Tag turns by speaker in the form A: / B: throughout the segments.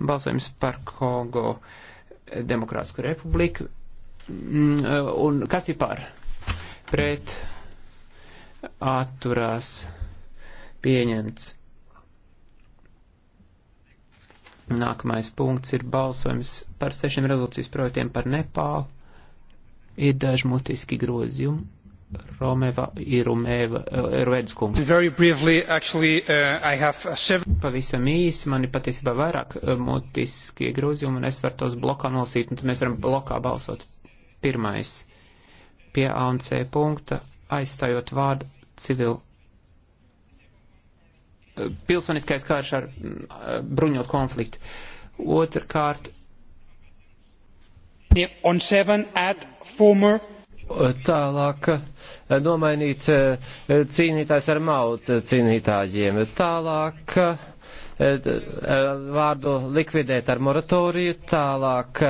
A: balsojums par Kongo Demokrātisku republiku. Mm, un kas ir par? Pret atturās pieņemts. Nākamais punkts ir balsojums par sešiem rezolūcijas projektiem par Nepālu. Ir daži mutiski grozījumi. Romeva Irumeva eh, Ervedskungs. Uh, uh Pavisam īsi, man ir patiesībā vairāk eh, mutiskie grozījumi, un es varu tos blokā nolasīt, un tad mēs varam blokā balsot. Pirmais. Pie A un C punkta aizstājot vārdu civil. Eh, pilsoniskais karš ar mm, bruņot konfliktu. Otrkārt. On seven at
B: former Tālāk eh, nomainīt eh, cīnītājs ar mauc cīnītājiem. Tālāk eh, vārdu likvidēt ar moratoriju, tālāk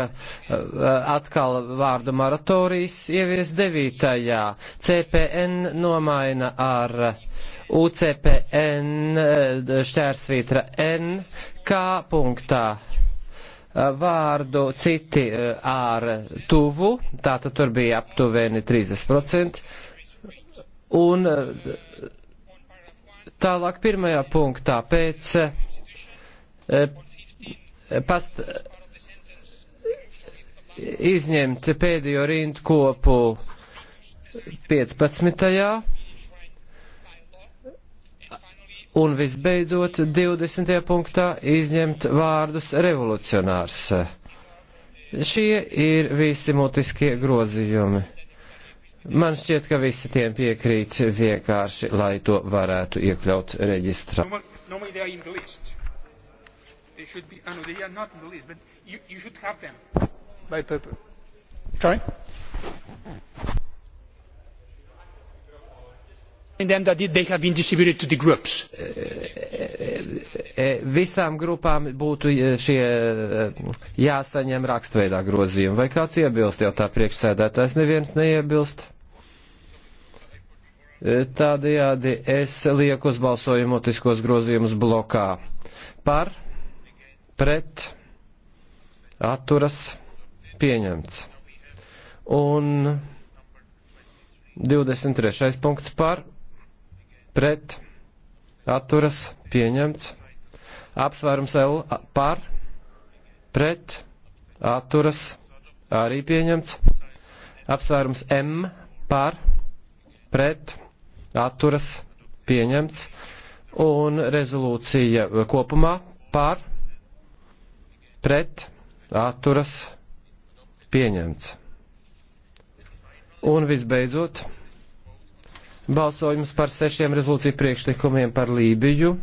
B: atkal vārdu moratorijas ievies devītajā. CPN nomaina ar UCPN šķērsvītra N kā punktā Eh, vārdu, citi eh, ar tuvu, tātad tur bija aptuveni 30%. Un eh, tālāk pirmajā punktā pēc past, izņemt pēdējo rindu kopu 15. Un visbeidzot, 20. punktā izņemt vārdus revolucionārs. Šie ir visi mutiskie grozījumi. Man šķiet, ka visi tiem piekrīt vienkārši, lai to varētu iekļaut reģistrā.
A: Ah, Sorry? them that they have been distributed to the groups. E, e, e, visām grupām būtu
B: šie jāsaņem rakstveidā grozījumi. Vai kāds iebilst, jau tā priekšsēdētājs neviens neiebilst? Tādējādi es lieku uz balsojumu mutiskos grozījumus blokā. Par, pret, atturas, pieņemts. Un 23. punkts par pret, atturas, pieņemts. Apsvērums L par, pret, atturas, arī pieņemts. Apsvērums M par, pret, atturas, pieņemts. Un rezolūcija kopumā par, pret, atturas, pieņemts. Un visbeidzot, balsojums par sešiem rezolūciju priekšlikumiem par Lībiju.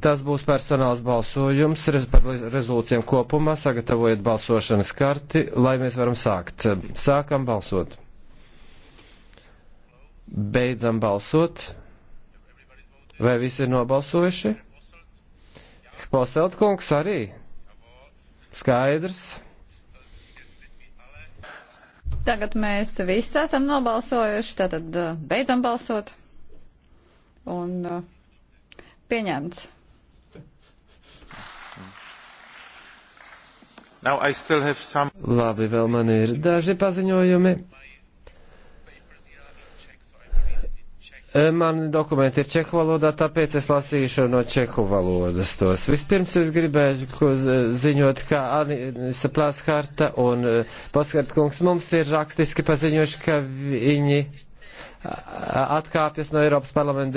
B: Tas būs personāls balsojums rez, par rezolūcijiem kopumā. Sagatavojiet balsošanas karti, lai mēs varam sākt. Sākam balsot. Beidzam balsot. Vai visi ir nobalsojuši? Poseltkungs arī. Skaidrs. Tagad mēs visi esam nobalsojuši, tātad uh, beidzam balsot un uh, pieņemts. Some... Labi, vēl man ir daži paziņojumi. Mani dokumenti ir čehu valodā, tāpēc es lasīšu no čehu valodas tos. Vispirms es gribēju ziņot, ka Anisa Plāskārta un e, Plāskārta kungs mums ir rakstiski paziņojuši, ka viņi atkāpjas no Eiropas parlamenta.